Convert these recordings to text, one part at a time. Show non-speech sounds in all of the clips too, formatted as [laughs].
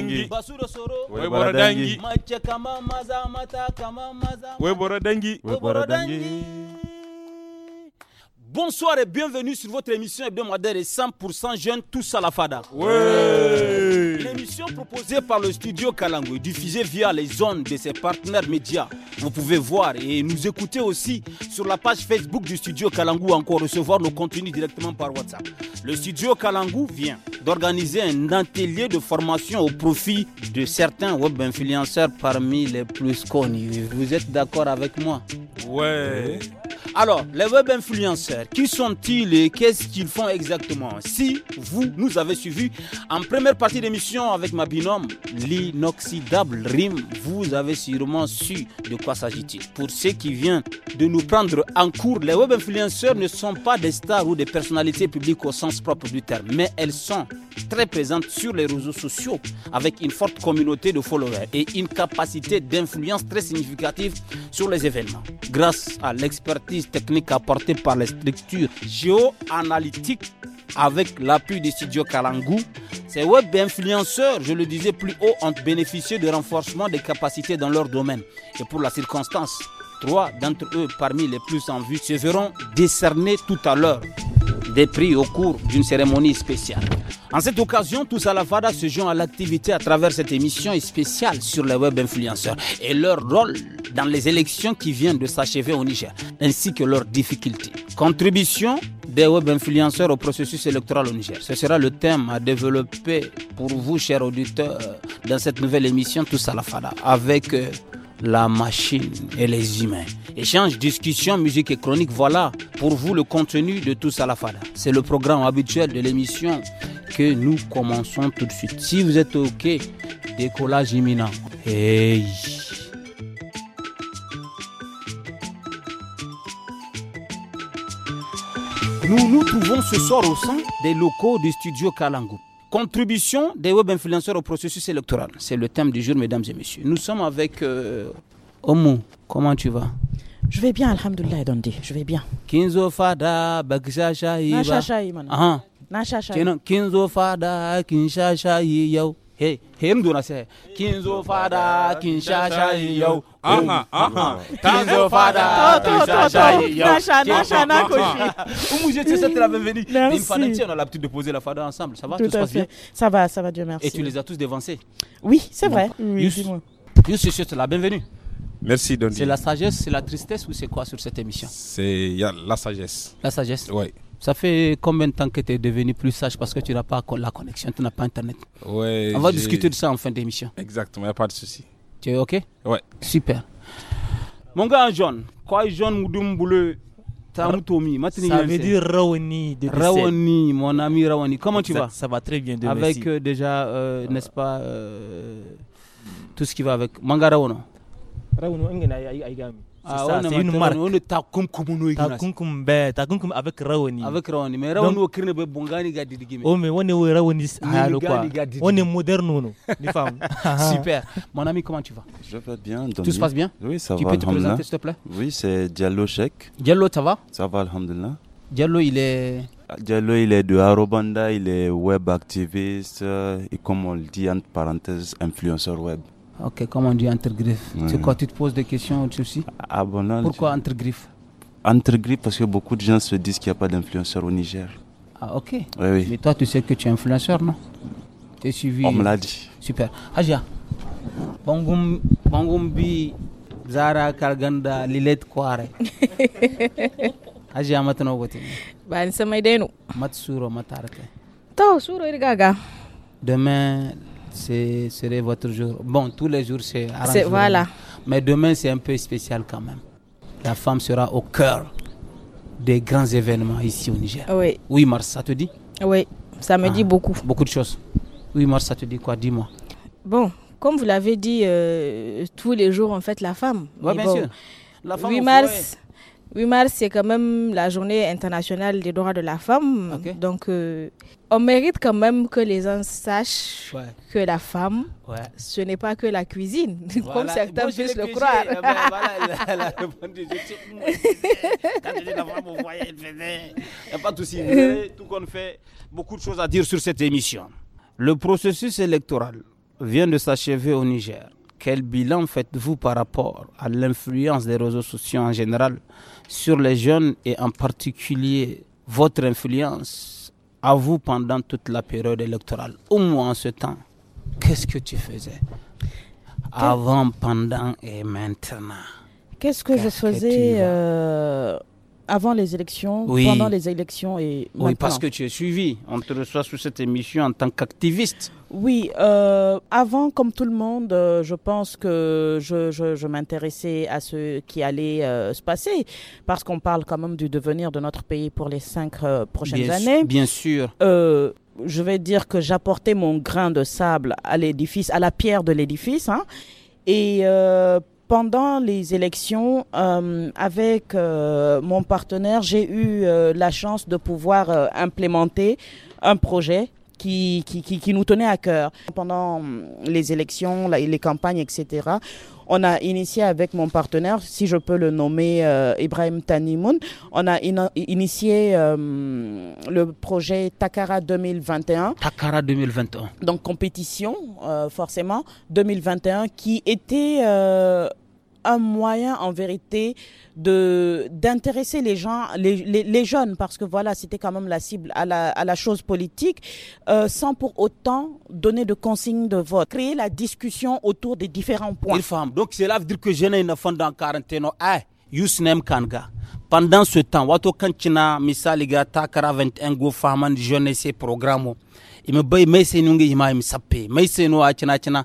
dangi wai bora dangi mace kama maza mata kama maza dangi dangi Bonsoir et bienvenue sur votre émission hebdomadaire et 100% jeune tous à la fada l'émission proposée par le studio Kalangu est diffusée via les zones de ses partenaires médias. Vous pouvez voir et nous écouter aussi sur la page Facebook du studio ou encore recevoir nos contenus directement par WhatsApp. Le studio Kalangu vient d'organiser un atelier de formation au profit de certains web influenceurs parmi les plus connus. Vous êtes d'accord avec moi Ouais. Alors, les web influenceurs, qui sont-ils et qu'est-ce qu'ils font exactement Si vous nous avez suivis en première partie d'émission avec ma binôme, l'inoxydable rime, vous avez sûrement su de quoi s'agit-il. Pour ceux qui viennent de nous prendre en cours, les web influenceurs ne sont pas des stars ou des personnalités publiques au sens propre du terme, mais elles sont très présentes sur les réseaux sociaux avec une forte communauté de followers et une capacité d'influence très significative sur les événements. Grâce à l'expertise technique apportée par les structures géoanalytiques avec l'appui des studios Kalangu. Ces web influenceurs, je le disais plus haut, ont bénéficié de renforcement des capacités dans leur domaine. Et pour la circonstance, trois d'entre eux, parmi les plus en vue, se verront décerner tout à l'heure des au cours d'une cérémonie spéciale. En cette occasion, tous à la Fada se joint à l'activité à travers cette émission spéciale sur les web influenceurs et leur rôle dans les élections qui viennent de s'achever au Niger, ainsi que leurs difficultés. Contribution des web influenceurs au processus électoral au Niger. Ce sera le thème à développer pour vous, chers auditeurs, dans cette nouvelle émission Tous à la Fada, avec euh, la machine et les humains. Échange, discussion, musique et chronique, voilà pour vous le contenu de tout Salafada. C'est le programme habituel de l'émission que nous commençons tout de suite. Si vous êtes OK, décollage imminent. Hey. Nous nous trouvons ce soir au sein des locaux du studio Kalangou. Contribution des web influenceurs au processus électoral. C'est le thème du jour, mesdames et messieurs. Nous sommes avec euh, Comment tu vas Je vais bien, Alhamdulillah, Je vais bien. Kinzo Fada, ah. Kinzo Fada, Fada, ah, aha. de fada. Nashana, Shana Koshi. Oumou, je sais que la bienvenue. Une on a l'habitude de poser la fada ensemble. Ça va, tout, tout se passe bien Ça va, ça va, Dieu merci. Et tu les as tous dévancés Oui, c'est vrai. Oui, dis-moi. la bienvenue. Merci, donnie C'est la sagesse, c'est la tristesse ou c'est quoi sur cette émission C'est la sagesse. La sagesse Oui. Ça fait combien de temps que tu es devenu plus sage parce que tu n'as pas la connexion, tu n'as pas Internet ouais, On va discuter de ça en fin d'émission. Exactement, il n'y a pas de souci. Tu es OK Ouais. Super. Mon gars, jaune, quoi, John ou mutomi. bleu Ça veut dire Rawani de Rawani, mon ami Rawani. Comment tu vas Ça va très bien, de Avec euh, déjà, euh, n'est-ce pas, euh, tout ce qui va avec. Manga Rawono Rawono, un ah, c'est une marque. On est takunkum takunkum be takunkum avec rawani. Avec rawani mais rawani au kirne be bongani Oh mais on est rawani halo quoi. On est moderne nous les femmes. [laughs] Super. Mon ami comment tu vas Je vais bien. Tout se passe bien Oui, ça tu va. Tu peux te présenter s'il te plaît Oui, c'est Diallo Cheikh. Diallo, ça va Ça va alhamdulillah. Diallo, il est ah, Diallo, il est de Arobanda, il est web activiste euh, et comme on le dit entre parenthèses influenceur web. Ok, comment on dit entre griffes C'est quoi Tu te poses des questions aussi ah, bon, Pourquoi entre griffes Entre griffes parce que beaucoup de gens se disent qu'il n'y a pas d'influenceur au Niger. Ah ok. Oui, Mais toi, tu sais que tu es influenceur, non Tu es suivi. On me l'a dit. Super. Aja, Bangum, Bangumbi, Zara, Kalganda, Lilet Kware. [laughs] Aja, maintenant, où est-ce Ben, c'est Matsuro, Matarke. Tao, Suro, gaga. Demain, serait votre jour. Bon, tous les jours, c'est Voilà. Mais demain, c'est un peu spécial quand même. La femme sera au cœur des grands événements ici au Niger. Oui. Oui, Mars, ça te dit Oui, ça me dit ah, beaucoup. Beaucoup de choses. Oui, Mars, ça te dit quoi Dis-moi. Bon, comme vous l'avez dit, euh, tous les jours, en fait, la femme. Oui, bien sûr. La femme 8 mars, 8 mars, c'est quand même la journée internationale des droits de la femme. Donc, euh, on mérite quand même que les gens sachent que la femme, ce n'est pas que la cuisine, [laughs] comme certains puissent le croire. ben, voilà, la, hmm, Quand je dis la femme, vous voyez, elle faisait. Il n'y a pas de souci. Euh. Tout qu'on fait, beaucoup de choses à dire sur cette émission. Le processus électoral vient de s'achever au Niger. Quel bilan faites-vous par rapport à l'influence des réseaux sociaux en général sur les jeunes et en particulier votre influence à vous pendant toute la période électorale Au moins en ce temps, qu'est-ce que tu faisais avant, pendant et maintenant Qu'est-ce que je faisais avant les élections, pendant les élections et maintenant. Oui, parce que tu es suivi. On te reçoit sur cette émission en tant qu'activiste. Oui, euh, avant, comme tout le monde, euh, je pense que je, je, je m'intéressais à ce qui allait euh, se passer, parce qu'on parle quand même du devenir de notre pays pour les cinq prochaines années. bien sûr je vais dire que j'apportais mon grain de sable à l'édifice, à la pierre de l'édifice. Hein, et pendant les élections, euh, avec euh, mon partenaire, j'ai eu euh, la chance de pouvoir implémenter un projet qui, qui, nous tenait à cœur. Pendant hum, les élections, les campagnes, etc., on a initié avec mon partenaire, si je peux le nommer euh, Ibrahim Tanimoun, on a initié hum, le projet Takara 2021. Takara 2021. Donc compétition, euh, forcément, 2021, qui était euh, un moyen en vérité de d'intéresser les gens, les, les, jeunes, parce que voilà, c'était quand même la cible à la, à la chose politique, euh, sans pour autant donner de consignes de vote. Créer la discussion autour des différents points. Donc cela veut dire que n'ai une femme dans quarantaine, ah, oh, Yusnem Kanga. Pendant ce temps, wato kanchina pas ga takara 21 go faman jeunesse programme. Oh. Il me bay mai sai nungi pas mi sappe, mai sai no pas cina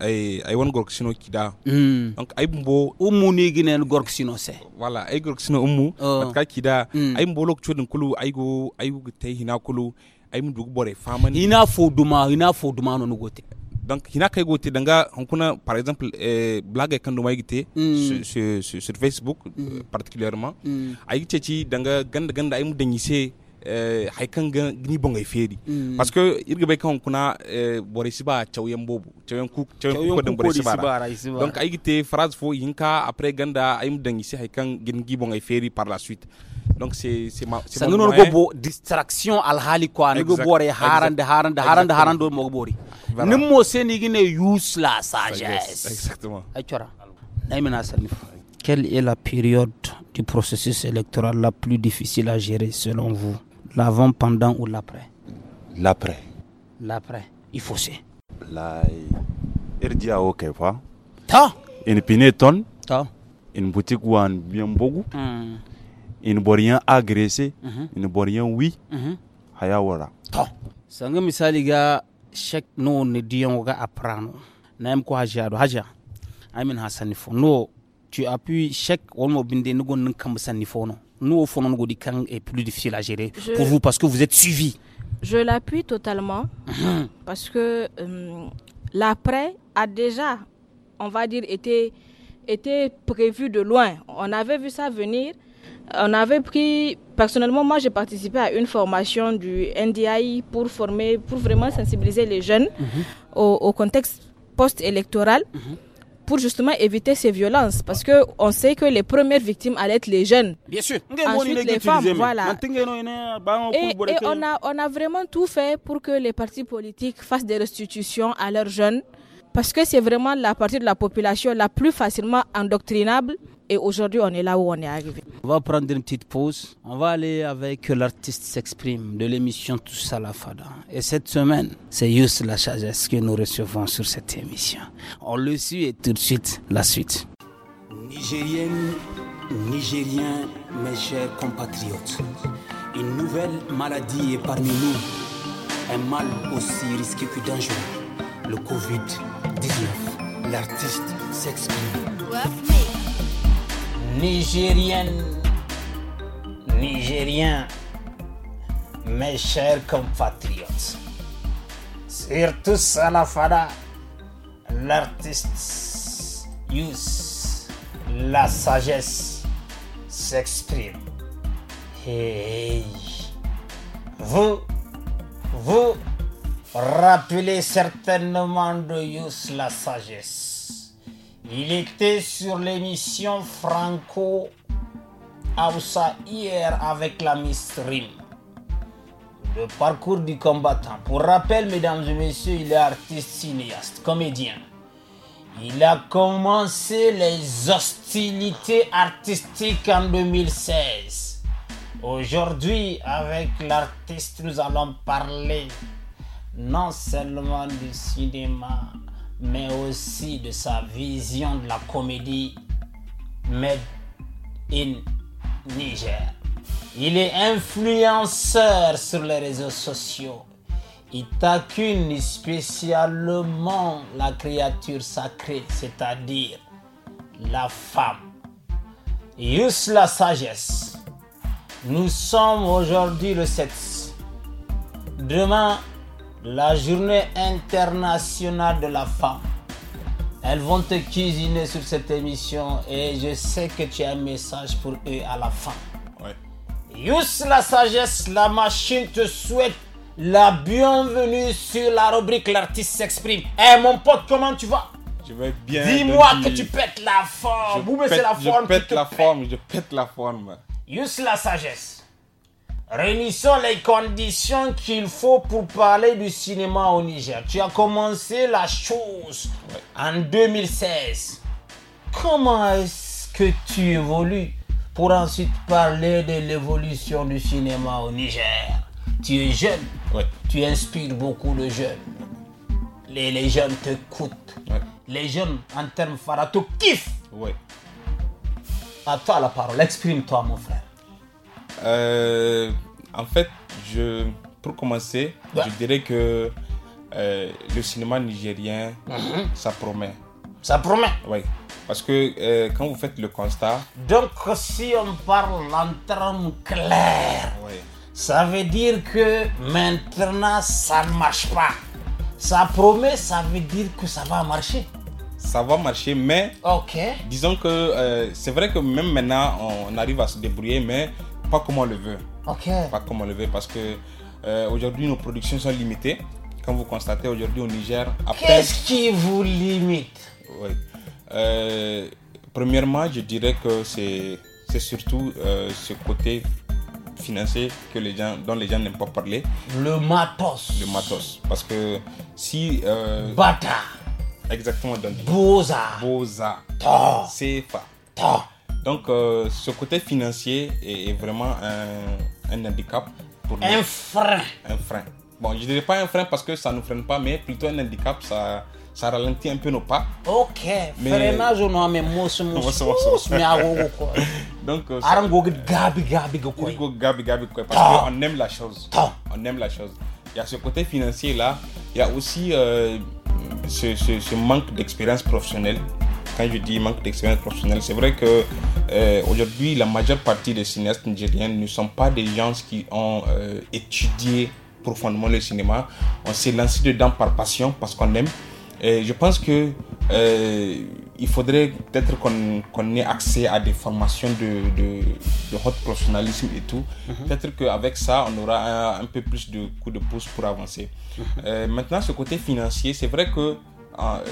ay ay won gork sino kida hmm. donc ay mbo umu ni ginen gorko sino se voilà ay gork sino umu oh. ummu matka kida ay hmm. mbo lok chodin kulu ay go ay go tay hina kulu ay mu dugu bore famani hina fo duma hina fo duma no gote donc hina kay gote danga hankuna par exemple eh, blague kan do yigite sur, hmm. sur, sur facebook mm. particulièrement mm. ay gite ci danga ganda ganda ay mu danyise hay eh, haikan gini bongai feri mm. parce que irga bai kan kuna eh, borisi ba chawyen bobo chawyen ku chawyen ku dan borisi ba donc ay gite phrase fo yinka après ganda ay mdangi mudan hay kan gini gi ngay feri par la suite donc c'est c'est ma c'est mon gobo distraction al hali quoi ne go bore harande harande harande harande mo bori nimmo seni gine use la sagesse exactement ai chora mena salif quelle est la période du processus électoral la plus difficile à gérer selon vous l'avant, pendant ou l'après L'après. L'après. Il faut c'est. La erdia o Ta. Une pineton. Ta. Une boutique ou un bien beaucoup. Mm. Une borien agressé. Mm -hmm. oui. Mm -hmm. Ta. Sanga misali ga chek no ne ga aprano. Naim ko haja do haja. Amin hasanifo. No tu appuies chaque olmo binde nugo nkam sanifo no nous, au fond, on dit est plus difficile à gérer pour vous parce que vous êtes suivi. Je l'appuie totalement mhm. parce que euh, l'après a déjà, on va dire, été, prévu de loin. On avait vu ça venir. On avait pris, personnellement, moi j'ai participé à une formation du NDI pour former, pour vraiment sensibiliser les jeunes mhm. au, contexte post-électoral. Mhm pour justement éviter ces violences parce que on sait que les premières victimes allaient être les jeunes. Bien sûr. Ensuite les femmes, voilà. Et, on, a, on a vraiment tout fait pour que les partis politiques fassent des restitutions à leurs jeunes parce que c'est vraiment la partie de la population la plus facilement endoctrinable et aujourd'hui, on est là où on est arrivé. On va prendre une petite pause. On va aller avec l'artiste s'exprime de l'émission Tout la Fada. Et cette semaine, c'est juste la sagesse que nous recevons sur cette émission. On le suit et tout de suite, la suite. Nigérienne, Nigérien, mes chers compatriotes, une nouvelle maladie est parmi nous. Un mal aussi risqué que dangereux, le Covid-19. L'artiste s'exprime. Nigérienne, Nigérien, mes chers compatriotes, la Salafada, l'artiste use la sagesse s'exprime. Hey, vous, vous rappelez certainement de Yous la sagesse. Il était sur l'émission Franco Aoussa hier avec la Miss Rim. Le parcours du combattant. Pour rappel, mesdames et messieurs, il est artiste, cinéaste, comédien. Il a commencé les hostilités artistiques en 2016. Aujourd'hui, avec l'artiste, nous allons parler non seulement du cinéma, mais aussi de sa vision de la comédie Made in Niger. Il est influenceur sur les réseaux sociaux. Il taquine spécialement la créature sacrée, c'est-à-dire la femme. Use la sagesse. Nous sommes aujourd'hui le 7. Demain, la journée internationale de la femme. Elles vont te cuisiner sur cette émission et je sais que tu as un message pour eux à la fin. Ouais. la sagesse, la machine te souhaite la bienvenue sur la rubrique L'artiste s'exprime. Eh mon pote, comment tu vas Je vais bien. Dis-moi que tu pètes la forme. Je Vous pète, la forme. Je pète la forme, je pète la forme. Yous la sagesse. Réunissons les conditions qu'il faut pour parler du cinéma au Niger. Tu as commencé la chose en 2016. Comment est-ce que tu évolues pour ensuite parler de l'évolution du cinéma au Niger Tu es jeune, tu inspires beaucoup de jeunes. Les, les jeunes te Ouais. Les jeunes, en termes farato, kiffent. À toi la parole, exprime-toi mon frère. Euh, en fait, je, pour commencer, je dirais que euh, le cinéma nigérien, mhm. ça promet. Ça promet Oui. Parce que euh, quand vous faites le constat. Donc, si on parle en termes clairs, ça veut dire que maintenant, ça ne marche pas. Ça promet, ça veut dire que ça va marcher ça va marcher, mais Ok. disons que c'est vrai que même maintenant on arrive à se débrouiller, mais pas comme on le veut. Ok. Pas comme on le veut parce que euh, aujourd'hui nos productions sont limitées. Comme vous constatez aujourd'hui au Niger, Qu'est-ce qui vous limite Oui. Euh, premièrement, je dirais que c'est surtout euh, ce côté financier que les gens, dont les gens n'aiment pas parler. Le matos. Le matos. Parce que si. Bata. Exactement. Boza. Boza. C'est pas. Ta. Donc, euh, ce côté financier est, vraiment un, un, handicap pour nous. Un frein. Un frein. Bon, je dirais pas un frein parce que ça nous freine pas, mais plutôt un handicap, ça, ça ralentit un peu nos pas. Ok. Mais... Freinage, non, mais mousse, mousse, mais Donc, ça... Parce qu'on aime la chose. On aime la chose. Il y a ce côté financier là. Il y a aussi euh, ce manque d'expérience professionnelle je dis manque d'expérience professionnelle, c'est vrai que euh, aujourd'hui, la majeure partie des cinéastes nigériens ne sont pas des gens qui ont euh, étudié profondément le cinéma. On s'est lancé dedans par passion, parce qu'on aime. Et je pense que euh, il faudrait peut-être qu'on ait accès à des formations de, de, haute professionnalisme et tout. Mhm. Peut-être qu'avec ça, on aura un, peu plus de coups de pouce pour avancer. Mhm. maintenant, ce côté financier, c'est vrai que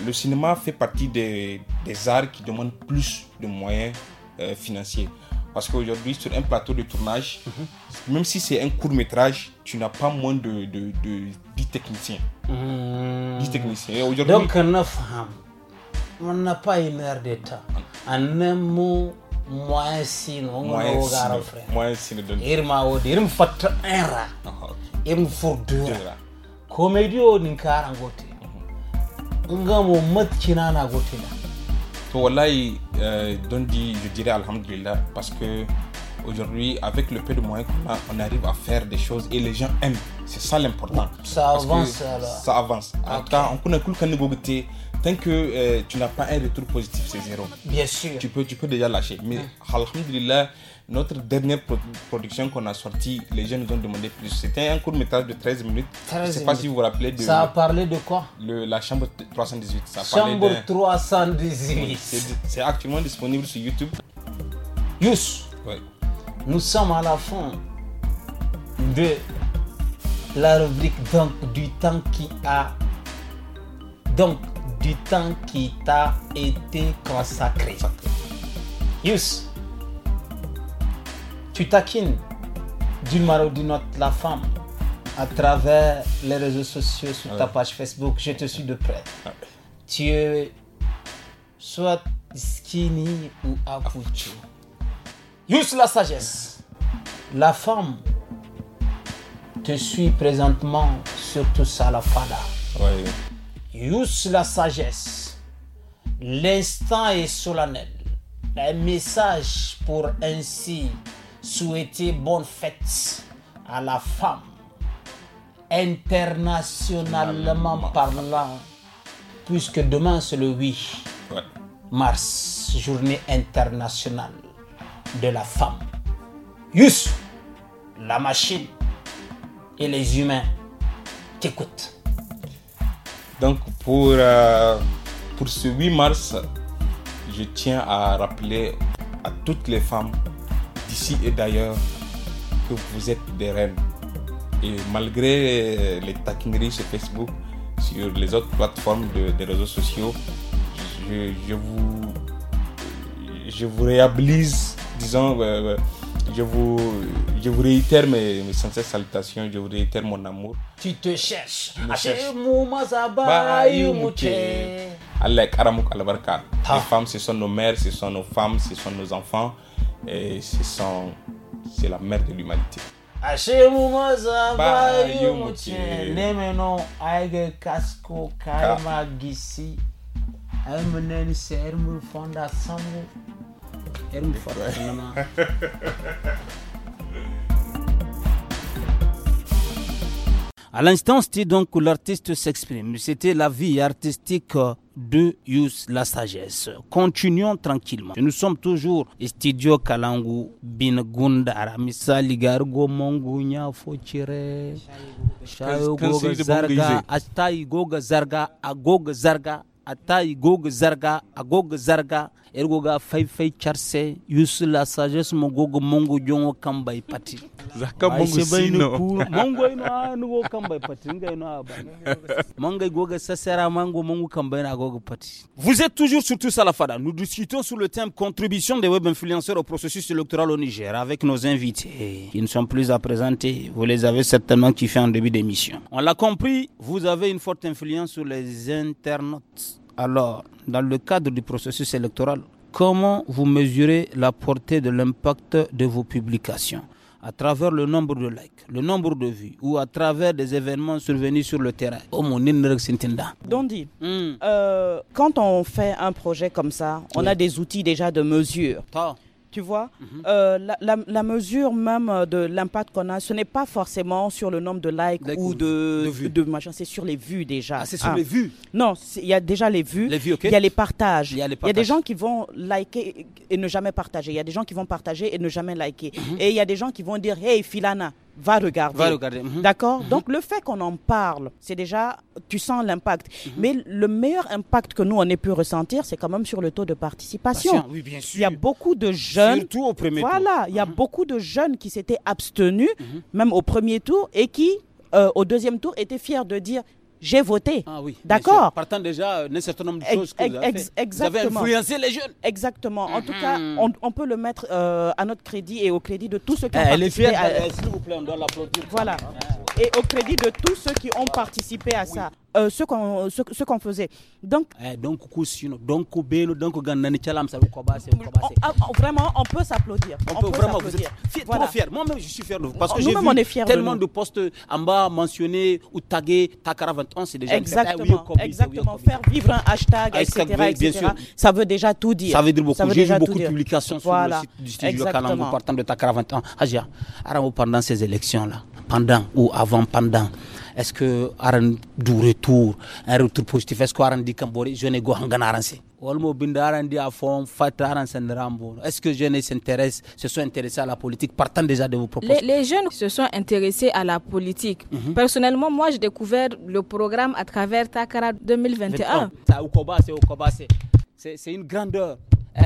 le cinéma fait partie des, des arts qui demandent plus de moyens euh, financiers. Parce qu'aujourd'hui, sur un plateau de tournage, mhm. même si c'est un court métrage, tu n'as pas moins de, 10 techniciens. 10 hmm. techniciens. Donc, on n'a pas une heure de temps. En un mot, moyen signe, on va au garan frère moyen sino faut irma ah, o Il fatta era deux furdura comédie o nin karangote mhm. ngamo matkina To euh, donne je dirais Alhamdulillah, parce que aujourd'hui, avec le peu de moyens qu'on on arrive à faire des choses et les gens aiment. C'est ça l'important. Ça avance alors. Ça avance. Okay. Tant que euh, tu n'as pas un retour positif, c'est zéro. Bien sûr. Tu peux, tu peux déjà lâcher. Mais, hum. Alhamdulillah, notre dernière production qu'on a sortie, les jeunes nous ont demandé plus. C'était un court métrage de 13 minutes. 13 je ne sais pas si vous vous rappelez Ça a parlé de quoi La chambre 318. chambre 318. C'est actuellement disponible sur YouTube. Yous, Oui. nous sommes à la fin de la rubrique donc du temps qui a donc du temps qui t'a été consacré. Yus tu taquines d'une manière ou d'une autre la femme à travers les réseaux sociaux, sur ta page Facebook, je te suis de près. Tu es soit skinny ou accouché. Use la sagesse. La femme te suit présentement sur tout ça, la fada. Use la sagesse. L'instant est solennel. Un message pour ainsi souhaiter bonne fête à la femme, internationalement parlant, puisque demain c'est le 8 mars, journée internationale de la femme. Yus, la machine et les humains t'écoutent. Donc pour, euh, pour ce 8 mars, je tiens à rappeler à toutes les femmes et d'ailleurs que vous êtes des reines. Et malgré les taquineries sur Facebook, sur les autres plateformes de, des réseaux sociaux, je, vous, je vous réhabilise, disons, euh, euh, je, vous, je vous réitère mes, sincères salutations, je vous réitère mon amour. Tu te cherches. Allah karamuk al Les femmes, ce sont nos mères, ce sont nos femmes, ce sont nos enfants. Et c'est la mère de l'humanité. A bah, ah. [laughs] À l'instant, c'était donc où l'artiste s'exprime. C'était la vie artistique euh, de la sagesse. Continuons tranquillement. Nous sommes toujours Studio Kalangu, Bin Gundara, Misa Ligargo, Mongunya, Fochire, Chayo Goga Zarga, Astai Goga Zarga, Agoga Zarga, vous êtes toujours sur tous à la fada nous discutons sur le thème contribution des web influenceurs au processus électoral au Niger avec nos invités qui ne sont plus à présenter vous les avez certainement kiffés en début d'émission on l'a compris vous avez une forte influence sur les internautes alors, dans le cadre du processus électoral, comment vous mesurez la portée de l'impact de vos publications à travers le nombre de likes, le nombre de vues ou à travers des événements survenus sur le terrain. Oh, Dondi, hmm. euh, quand on fait un projet comme ça, on a des outils déjà de mesure tu vois, mhm. euh, la, mesure même de l'impact qu'on a, ce n'est pas forcément sur le nombre de likes ou de, de, vues. c'est sur les vues déjà. Ah, c'est sur les ah. vues Non, il y a déjà les vues, les il y a les partages. Il y, a des gens qui vont liker et ne jamais partager, il y a des gens qui vont partager et ne jamais liker. Mhm. Et il y a des gens qui vont dire, hey Filana, va regarder. Mhm. D'accord mhm. Donc le fait qu'on en parle, c'est déjà, tu sens l'impact. Mhm. Mais le meilleur impact que nous, on ait pu ressentir, c'est quand même sur le taux de participation. oui, bien sûr. Il y a beaucoup de jeunes. Surtout au voilà, il y a beaucoup de jeunes qui s'étaient abstenus, même au premier tour, et qui, euh, au deuxième tour, étaient fiers de dire j'ai voté. Ah oui, D'accord. Partant déjà d'un certain nombre de choses que vous avez influencé les jeunes. Exactement. En tout mhm. cas, on, peut le mettre euh, à notre crédit et au crédit de tous ceux qui ont eh, participé. elle est à... Eh, s'il vous plaît, on doit l'applaudir. Voilà. Ah et au crédit de tous ceux qui ont participé à ça. Euh, ce qu'on ce, qu'on faisait donc eh, donc donc vraiment on peut s'applaudir on, peut, vraiment vous êtes fier, trop fier moi même je suis fier de vous parce que j'ai vu tellement de, postes en bas mentionnés ou tagués Takara 21 c'est déjà ah exactement exactement faire vivre un hashtag, ah, etc., ça veut déjà tout dire ça veut dire beaucoup j'ai vu beaucoup de publications sur le site du studio Kalango partant de Takara 21 Aja ah, Aramo pendant ces élections là pendant ou avant pendant est-ce que aran du retour un retour positif est-ce que aran di kambori retour go hangana walmo binda aran di afon est-ce que jeunes se sont intéressés à la politique partant déjà de vos propositions les, jeunes se sont intéressés à la politique mhm. personnellement moi j'ai découvert le programme à travers Takara 2021 c'est une grandeur eh,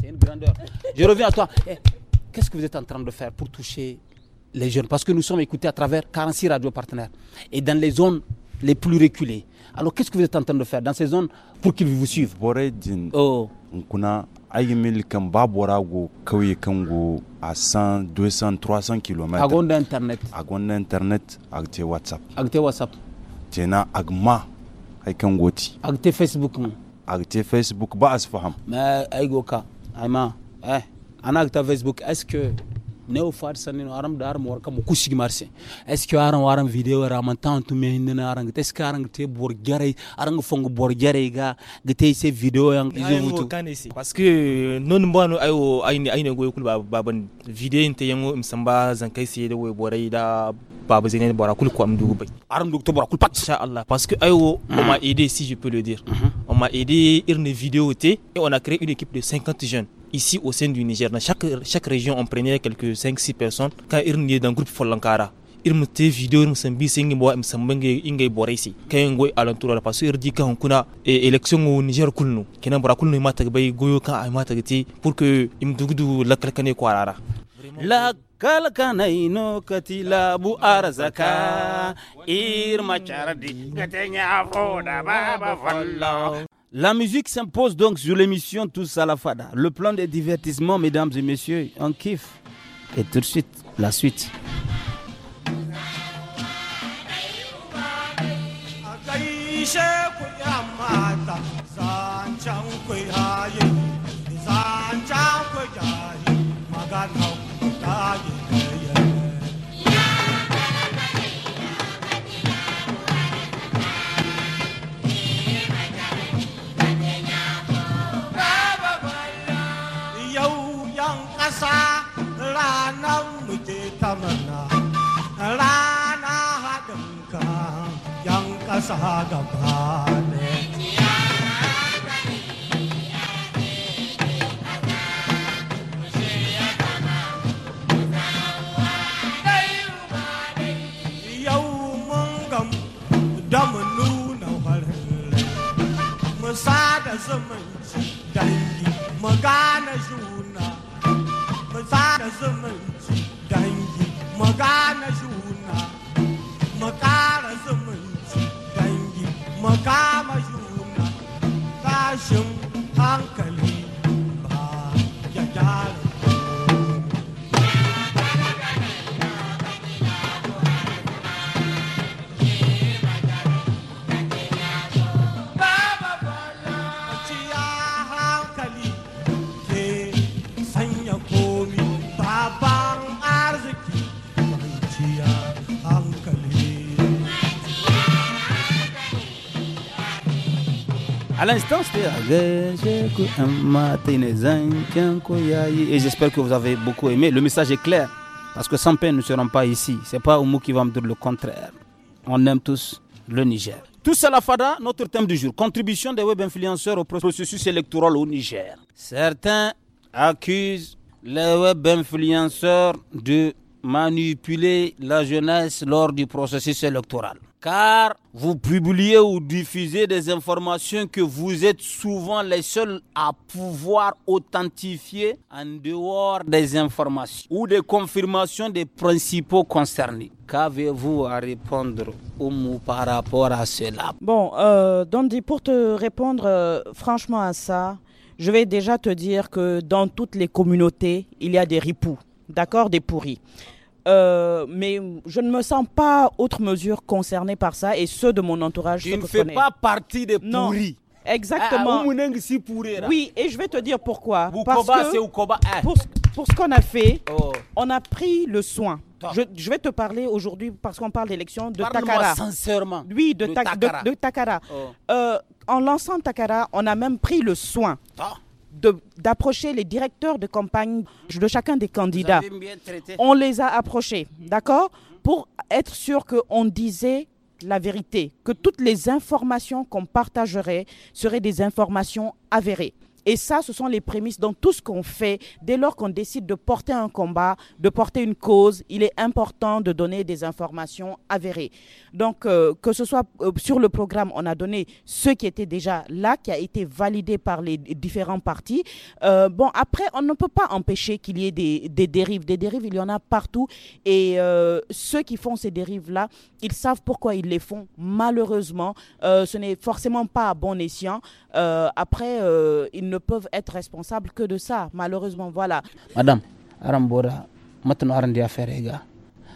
c'est une grandeur je reviens à toi eh, qu'est-ce que vous êtes en train de faire pour toucher les jeunes, parce que nous sommes écoutés à travers 46 radios partenaires et dans les zones les plus reculées. Alors qu'est-ce que vous êtes en train de faire dans ces zones pour qu'ils vous suivent oh. ayyumin kan babu rago kauye kango a 100 200 300 km Agonde internet Agonde internet a whatsapp a whatsapp te un agma ai kan goti a facebook mu a facebook ba as faham ma Mais goka ai ma eh ana facebook est-ce que neo far sanino aram dar mor kam ku sig est ce aram aram video aram tantu me hinna aram te ska aram te bor gare aram fong bor gare ga gete se video yang izo mutu parce que non mbano ayo ayne ayne go kul baban video inte yango imsamba zankai se de we borai da baba zene bora kul ko am dugu bay aram dugu to bora kul pat parce que ayo on m'a aidé si je peux le dire mm -hmm m'a aidé une vidéo et on a créé une équipe de 50 jeunes ici au sein du Niger. Dans chaque, chaque région, on prenait quelques 5-6 personnes. Quand il est dans le groupe Folankara, irin te video irin san bi sin ngwa im san bange inga bore si kayan goy de la pasu irdi kan kuna et election au Niger kulnu kenan na kulnu mata bay goyo kan ay mata gati pour que im dugdu la kalkane kwarara la la musique s'impose donc sur l'émission Tous à la Fada. Le plan de divertissement, mesdames et messieurs, on kiffe. Et tout de suite, la suite. sahaga bhane Sada zumunci dangi magana juna. Sada zumunci dangi magana juna. kama juna tashin hankali Ah, Et j'espère que vous avez beaucoup aimé. Le message est clair. Parce que sans peine, nous ne serons pas ici. Ce n'est pas Oumou qui va me dire le contraire. On aime tous le Niger. Tout cela la FADA, notre thème du jour. Contribution des web influenceurs au processus électoral au Niger. Certains accusent les web influenceurs de manipuler la jeunesse lors du processus électoral. Car vous publiez ou diffusez des informations que vous êtes souvent les seuls à pouvoir authentifier en dehors des informations ou des confirmations des principaux concernés. Qu'avez-vous à répondre au mot par rapport à cela Bon, euh, Dondi, pour te répondre euh, franchement à ça, je vais déjà te dire que dans toutes les communautés, il y a des ripoux d'accord, des pourris. Euh, mais je ne me sens pas autre mesure concernée par ça et ceux de mon entourage. Tu ne fais pas partie des pourris. Non, exactement. Ah, ah, oui, et je vais te dire pourquoi. Parce que ah. pour, ce qu'on a fait, oh. on a pris le soin. Je, vais te parler aujourd'hui parce qu'on parle d'élection de Parle Takara. sincèrement. Oui, de, Takara. De, Takara. Oh. Euh, en lançant Takara, on a même pris le soin d'approcher les directeurs de campagne de chacun des candidats. On les a approchés, d'accord Pour être sûr qu'on disait la vérité, que toutes les informations qu'on partagerait seraient des informations avérées. Et ça, ce sont les prémices dans tout ce qu'on fait. Dès lors qu'on décide de porter un combat, de porter une cause, il est important de donner des informations avérées. Donc, euh, que ce soit euh, sur le programme, on a donné ce qui était déjà là, qui a été validé par les différents partis. Euh, bon, après, on ne peut pas empêcher qu'il y ait des, dérives. Des dérives, il y en a partout. Et ceux qui font ces dérives-là, ils savent pourquoi ils les font. Malheureusement, ce n'est forcément pas à bon escient. après, ils ne peuvent être responsables que de ça. Malheureusement, voilà. Madame, Arambora, maintenant,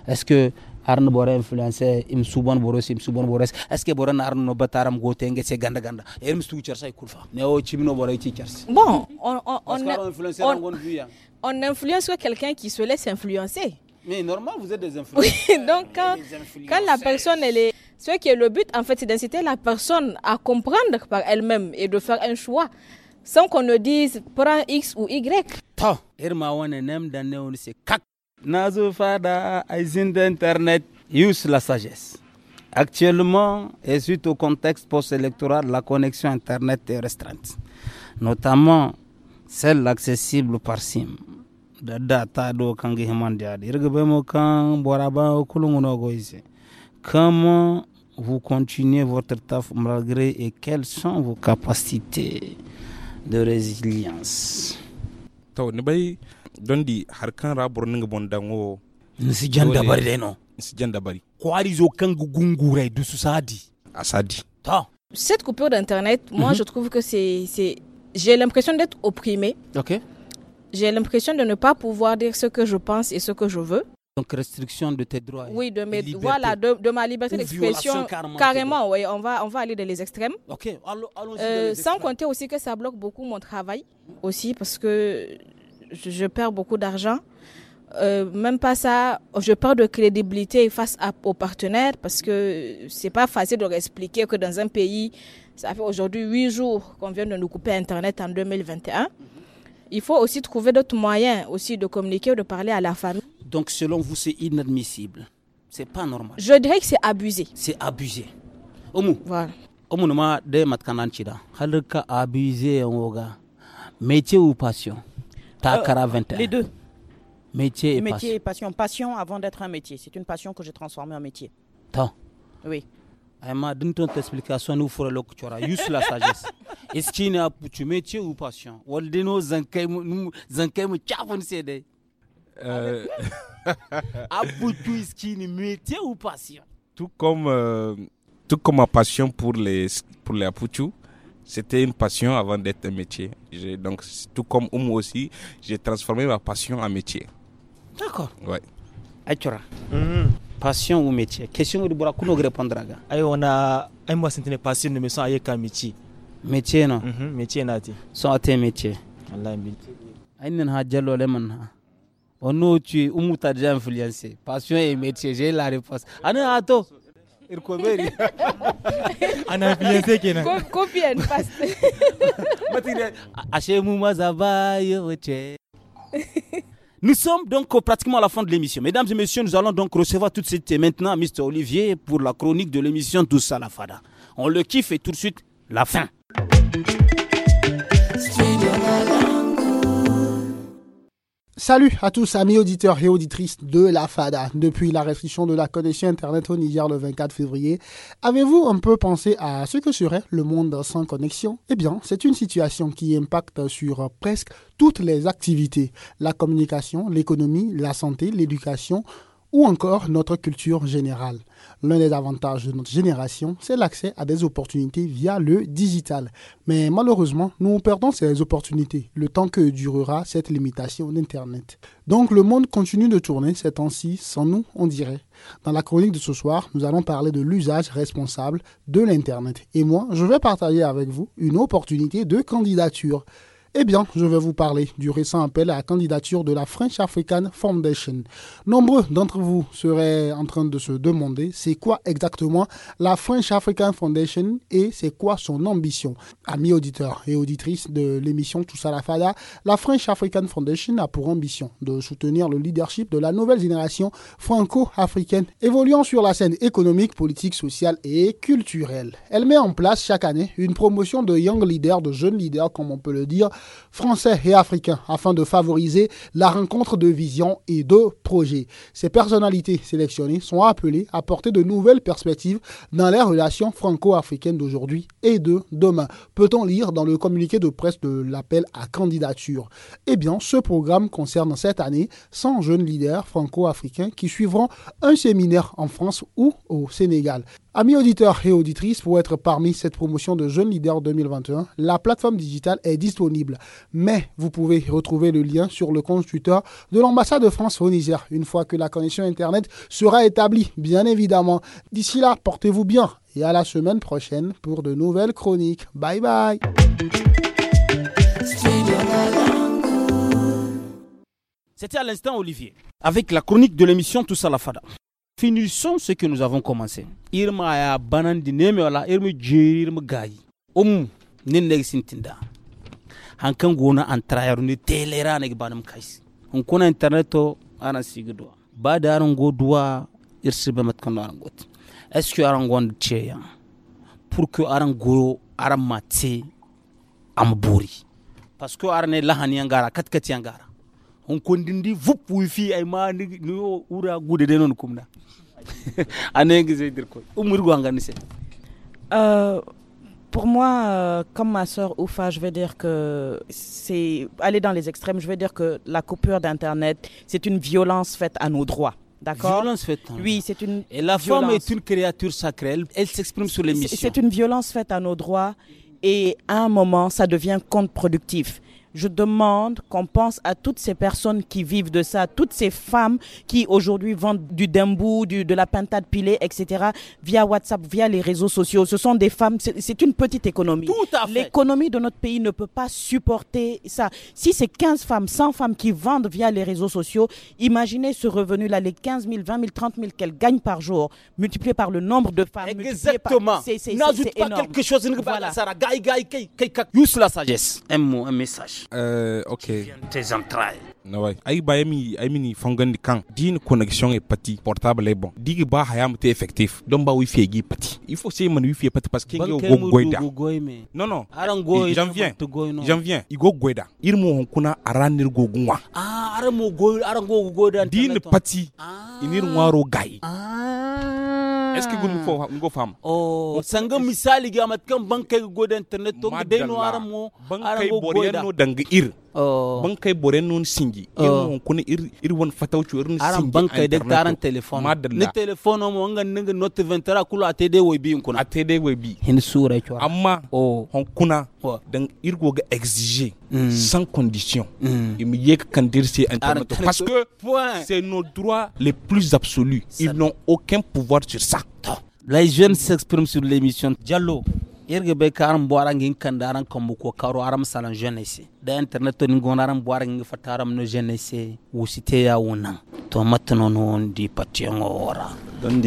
Est-ce que harna bore influencer im suban boros im suban boros eske bore na harna no bataram go tenge se ganda ganda im stu charsa kulfa ne o chimino bore ti charsa bon on on on, on, hein. on influence quelqu'un qui se laisse influencer mais normal, vous êtes des influenceurs. Oui, [laughs] donc quand, quand la personne, elle est... Ce qui est le but, en fait, c'est d'inciter la personne à comprendre par elle-même et de faire un choix sans qu'on ne dise prends X ou Y. Nazo Fada Aizine d'Internet use la sagesse. Actuellement, et suite au contexte post-électoral, la connexion Internet est restreinte, notamment celle accessible par SIM. La data comment vous continuez votre taf malgré et quelles sont vos capacités de résilience cette coupure d'internet moi mhm. je trouve que c'est c'est j'ai l'impression d'être opprimé OK j'ai l'impression de ne pas pouvoir dire ce que je pense et ce que je veux donc restriction de tes droits. Oui, de mes voilà de, ma liberté d'expression carrément. on va on va aller dans les extrêmes. Ok, euh, Sans compter aussi que ça bloque beaucoup mon travail aussi parce que je, perds beaucoup d'argent. Euh, même pas ça, je perds de crédibilité face aux partenaires parce que c'est pas facile de leur expliquer que dans un pays, ça fait aujourd'hui huit jours qu'on vient de nous couper Internet en 2021. Il faut aussi trouver d'autres moyens aussi de communiquer ou de parler à la famille. Donc selon vous, c'est inadmissible. C'est pas normal. Je dirais que c'est abusé. C'est abusé. Omu. Voilà. Omu de matkanan abusé métier ou passion. 21. Euh, les deux. Métier et métier passion. passion. Passion avant d'être un métier. C'est une passion que j'ai transformée en métier. Tant. Oui. Aïma, eh, d'une ton explication, nous ferons que tu auras juste la sagesse. Est-ce qu'il y a un métier ou passion Waldeno est-ce qu'il y a métier ou passion Tout comme euh, tout comme ma passion pour les pour les c'était une passion avant d'être un métier. donc, tout comme moi aussi, j'ai transformé ma passion en métier. D'accord. Ouais. Aïtura. -hmm. Passion ou métier Question de répondre répondra. Aïe, on a. un moi, c'est une passion, mais sans aïe qu'un métier. Métier, non mhm, Métier, nati. Sans un métier. Allah, métier. Aïe, n'a jallo le man. On nous tue, Oum t'a déjà influencé. Passion et métier, j'ai la réponse. un ah, attends. Nous sommes donc pratiquement à la fin de l'émission. Mesdames et messieurs, nous allons donc recevoir tout de suite maintenant Mr. Olivier pour la chronique de l'émission Tous à la On le kiffe et tout de suite la fin. Salut à tous, amis auditeurs et auditrices de la FADA. Depuis la restriction de la connexion Internet au Niger le 24 février, avez-vous un peu pensé à ce que serait le monde sans connexion Eh bien, c'est une situation qui impacte sur presque toutes les activités. La communication, l'économie, la santé, l'éducation ou encore notre culture générale. L'un des avantages de notre génération, c'est l'accès à des opportunités via le digital. Mais malheureusement, nous perdons ces opportunités le temps que durera cette limitation d'Internet. Donc le monde continue de tourner ces temps-ci sans nous, on dirait. Dans la chronique de ce soir, nous allons parler de l'usage responsable de l'Internet. Et moi, je vais partager avec vous une opportunité de candidature. Eh bien, je vais vous parler du récent appel à la candidature de la French African Foundation. Nombreux d'entre vous seraient en train de se demander c'est quoi exactement la French African Foundation et c'est quoi son ambition. Amis auditeurs et auditrices de l'émission Tous à la Fada, la French African Foundation a pour ambition de soutenir le leadership de la nouvelle génération franco-africaine évoluant sur la scène économique, politique, sociale et culturelle. Elle met en place chaque année une promotion de young leaders, de jeunes leaders comme on peut le dire, français et africains afin de favoriser la rencontre de visions et de projets. Ces personnalités sélectionnées sont appelées à porter de nouvelles perspectives dans les relations franco-africaines d'aujourd'hui et de demain. Peut-on lire dans le communiqué de presse de l'appel à candidature Eh bien, ce programme concerne cette année 100 jeunes leaders franco-africains qui suivront un séminaire en France ou au Sénégal. Amis auditeurs et auditrices, pour être parmi cette promotion de Jeunes Leaders 2021, la plateforme digitale est disponible, mais vous pouvez retrouver le lien sur le compte Twitter de l'ambassade de France au Niger, une fois que la connexion Internet sera établie, bien évidemment. D'ici là, portez-vous bien et à la semaine prochaine pour de nouvelles chroniques. Bye bye C'était à l'instant Olivier, avec la chronique de l'émission Tous la Fada finissons ce que nous avons commencé irma ya banan di neme wala irma gayi um nin ne sintinda hankan gona an trayar ni telera ne banam kais on kuna interneto ana sigdo ba da go goduwa irsi be mat kan got est ce que gon cheya hein? pour que aran go aran mate am parce que arne lahani ngara kat kat ngara on [laughs] euh, pour moi, euh, comme ma sœur Oufa, je vais dire que c'est aller dans les extrêmes. Je vais dire que la coupure d'Internet, c'est une violence faite à nos droits. D'accord Violence faite. Oui, c'est une. Et la femme est une créature sacrée. Elle, elle s'exprime sur les missions. C'est une violence faite à nos droits. Et à un moment, ça devient contre-productif je demande qu'on pense à toutes ces personnes qui vivent de ça, toutes ces femmes qui aujourd'hui vendent du dembou, du, de la pintade pilée, etc., via WhatsApp, via les réseaux sociaux. Ce sont des femmes, c'est une petite économie. Tout à fait. L'économie de notre pays ne peut pas supporter ça. Si c'est 15 femmes, 100 femmes qui vendent via les réseaux sociaux, imaginez ce revenu-là, les 15 000, 20 000, 30 000 qu'elles gagnent par jour, multiplié par le nombre de femmes. Exactement. N'ajoute pas quelque chose. Voilà. Use la sagesse. Un mot, un message. Euh, ok. Tes entrailles. nawai ai ba yami ai mini di kan din connexion e pati portable e bon digi ba haya te effectif don ba wifi gi pati il faut c'est man wifi pati parce que ngi go goida non non aran go j'en viens j'en viens ah, i go goida ir mo hon kuna aranir go gunwa ah aran mo go aran go goida din pati inir ngwaro gai ah est ce que gudum fo ngo fam o sanga misali ga mat kan bankai go da internet to de no aramo arango go da bankai boriano dang ir Oh. bankai bore nun singi irin oh. kun irin wani fatauci irin singi aran bankai da taran telefon le telefon mo nga ninga not ventara kula atede way bi kuna atede way bi hin sura amma oh hon kuna oh. dan irgo ga exiger mm. sans condition mm. il me yek kan dire c'est internet parce que [laughs] c'est nos droits les plus absolus ils n'ont aucun pouvoir sur ça les jeunes s'expriment sur l'émission Diallo irga be karam boaran kanda kandaran kambu ko karo aram salan jeunesse da internet to ningon aram boaran gin fataram no jeunesse wusite ya wunan to matno no di patiyan ora don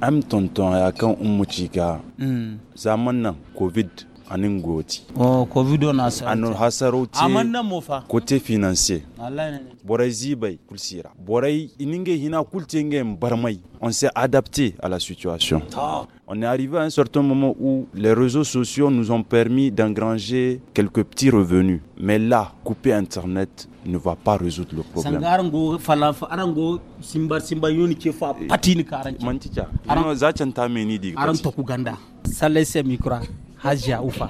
am tonton ya kan ummu cika hmm. zaman nan covid anin goti oh, covid na anun hasarauti amanna ah, mo fa kote financier borai zibai kulsira borai ininge hina kultenge barmai on s'est adapté à la situation on est arrivé à un certain moment où les réseaux sociaux nous ont permis d'engranger quelques petits revenus mais là couper internet ne va pas résoudre le problème sangarango fala arango simba simba yoni ke fa eh, patini karanci mantica aran zachanta canta meni diga aran kuganda salle se mikra Aja, Oufa.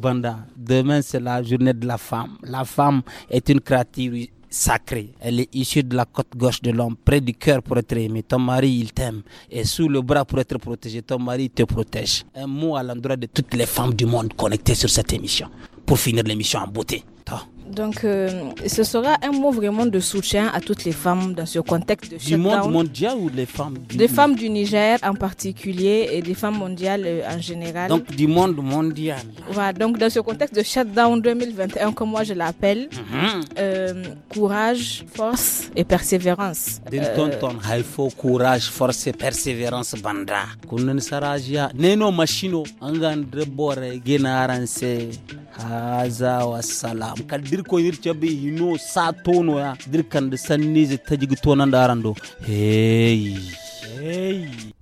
Banda, demain c'est la journée de la femme. La femme est une créature sacrée. Elle est issue de la côte gauche de l'homme, près du cœur pour être aimé. Ton mari, il t'aime. Et sous le bras pour être protégé, ton mari te protège. Un mot à l'endroit de toutes les femmes du monde connectées sur cette émission. Pour finir l'émission en beauté. Donc, euh, ce sera un mot vraiment de soutien à toutes les femmes dans ce contexte de shutdown. Du monde mondial ou les femmes Des femmes du Niger en particulier et des femmes mondiales euh, en général. Donc, du monde mondial. Voilà, donc dans ce contexte de shutdown 2021, comme moi je l'appelle, mhm. euh, courage, force et persévérance. il ton courage, force et persévérance banda. neno dirkoydir cabbe hino sa tono tonoya dirkande sanniji tajigi tonan darando hey hey